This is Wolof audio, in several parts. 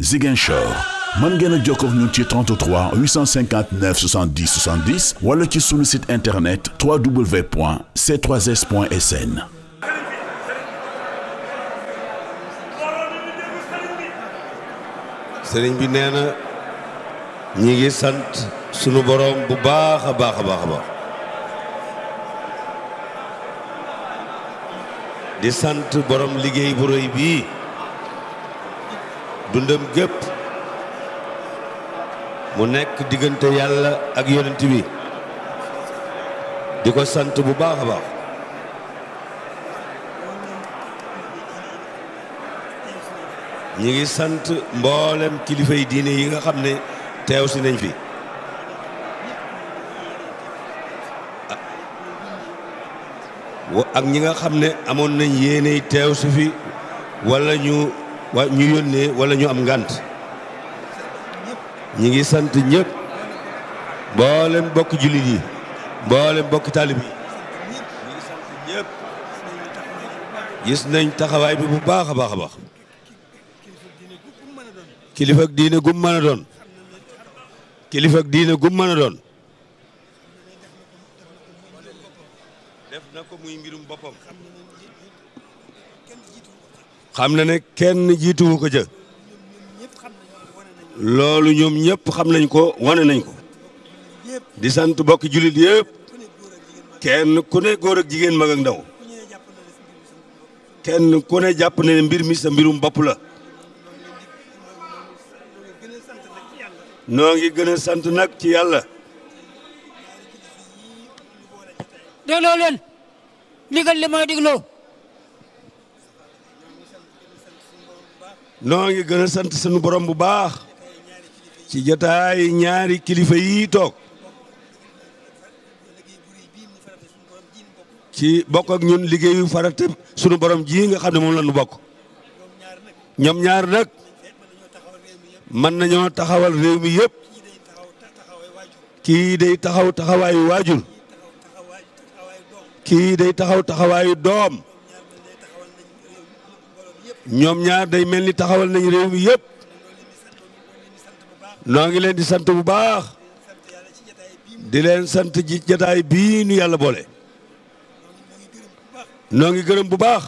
Ziguinchor mën ngeen a jokkoo ak ñun ci 33 859 70 70 wala ci sunu site internet www.c3s.sn sëriñ bi bu na ñi ngi sant sunu boroom bu baax a baax a baax a baax di sant borom liggéey bu rëy bii dundam gépp mu nekk diggante yàlla ak yonent bi di ko sant bu baax a baax ñi ngi sant mboolem kilifa yi yi nga xam ne teew si nañ fi ak ñi nga xam ne amoon nañ yéeney teew si fi walla ñu waa ñu yónnee wala ñu am ngànt ñi ngi sant ñëpp mboolem bokk jullit gi mboolem bokk taalib yi gis nañ taxawaay bi bu baax a baax a baax kilifa ak diine gum doon kilifa ak diine doon def na ko muy mbirum xam na ne kenn jiituwu ko jë loolu ñoom ñëpp xam nañ ko wane nañ ko di sant bokk jullit yëpp kenn ku ne góor ak jigéen mag ndaw kenn ku ne jàpp na ne mbir mi sa mbirum bopp la noo ngi gën sant nag ci yàlla dégloo leen ndigal li mooy dégloo noo ngi gën sant sunu borom bu baax ci jotaay ñaari kilifa yi toog ci bokk ak ñun liggéeyu farata sunu borom ji nga xam ne moom la ñu bokk ñoom ñaar nag mën nañoo taxawal réew mi yépp kii day taxaw taxawaayu waajur kii day taxaw taxawaayu doom ñoom ñaar day mel ni taxawal nañu réew mi yëpp noo ngi leen di sant bu baax di leen sant ji jataay bii nu yàlla boole noo ngi gërëm bu baax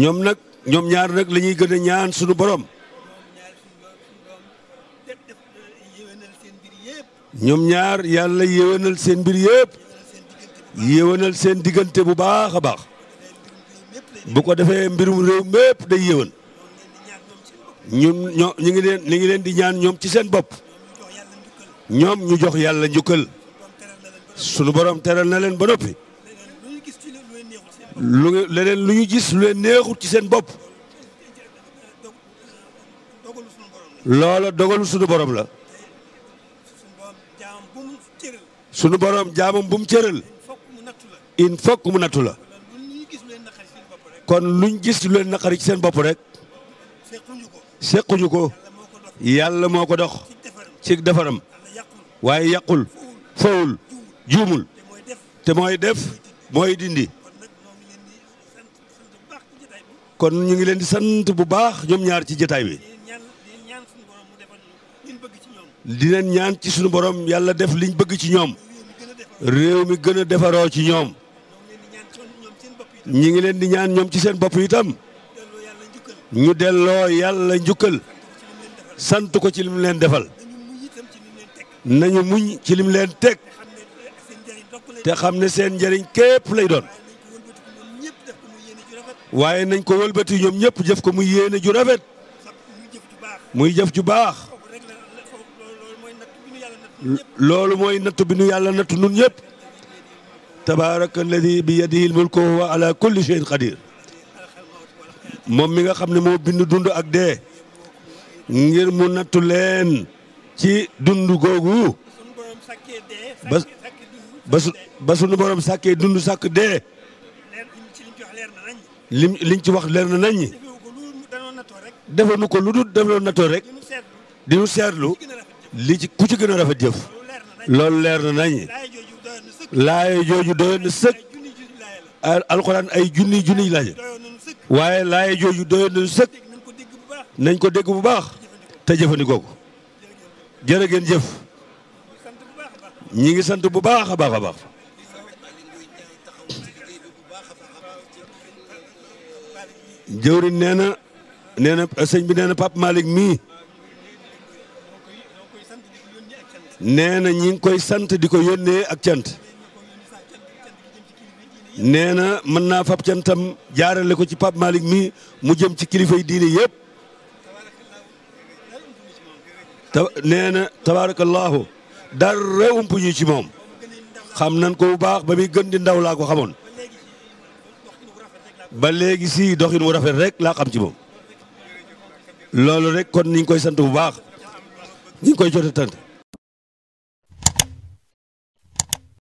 ñoom nag ñoom ñaar nag lañuy ñuy gën a ñaan suñu boroom ñoom ñaar yàlla yéwénal seen mbir yëpp yéwénal seen diggante bu baax a baax bu ko defee mbirum réew mépp day yéwén ñun ñoo ñu ngi leen ñu ngi leen di ñaan ñoom ci seen bopp ñu jox yàlla njukkal sunu boroom teral na leen ba noppi lu leneen lu ñu gis lu leen neexut ci seen bopp loola dogalu sunu borom la sunu borom jaamam bum mu cëral in fokk mu nattu la kon lu luñ gis lu leen naqari ci seen bopp rek sequñu ko yàlla moo ko dox ci defaram waaye yàqul fawul juumul te mooy def mooy dindi kon ñu ngi leen di sant bu baax ñoom ñaar ci jataay bi di leen ñaan ci sunu borom yàlla def liñ bëgg ci ñoom réew mi gën a defaroo ci ñoom ñi ngi leen di ñaan ñoom ci seen bopp itam ñu delloo yàlla njukkal sant ko ci lim leen defal nañu muñ ci lim leen teg te xam ne seen njëriñ képp lay doon waaye nañ ko wëlbati ñoom ñëpp jëf ko muy yéene ju rafet muy jëf ju baax loolu mooy nattu bi nu yàlla natt ñun ñëpp. tabaaraka alladi bi yadihi lmulku wa huwa ala kulli shay'in qadir moom mi nga xam ne moo bind dund ak dee ngir mu nattu leen ci dund googu ba ba borom sàkkee dund sàkk dee li liñ ci wax leer na nañ defoonu ko lu dul defaloon nattoo rek di ñu seetlu li ci ku ci gën a rafet jëf loolu leer na nañ laaye jooju doyoon sëkk alxuraan ay junni junni laaye waaye laaye jooju doyoon na sëkk nañ ko dégg bu baax te jëfandikoo ko jërë ngeen jëf ñi ngi sant bu baax a baax a baax. jëwriñ nee na nee bi nee na Pape Malick mii nee na ñi ngi koy sant di ko yónnee ak cant. nee na mën naa fab cantam jaarale ko ci Pape Malick mi mu jëm ci kilifay diine yëpp ta nee na tabaarakallaahu dara ump ñu ci moom xam nan ko bu baax ba muy gën di ndaw laa ko xamoon ba léegi si doxin wu rafet rek laa xam ci moom loolu rek kon niñ koy sant bu baax ñu koy jote tant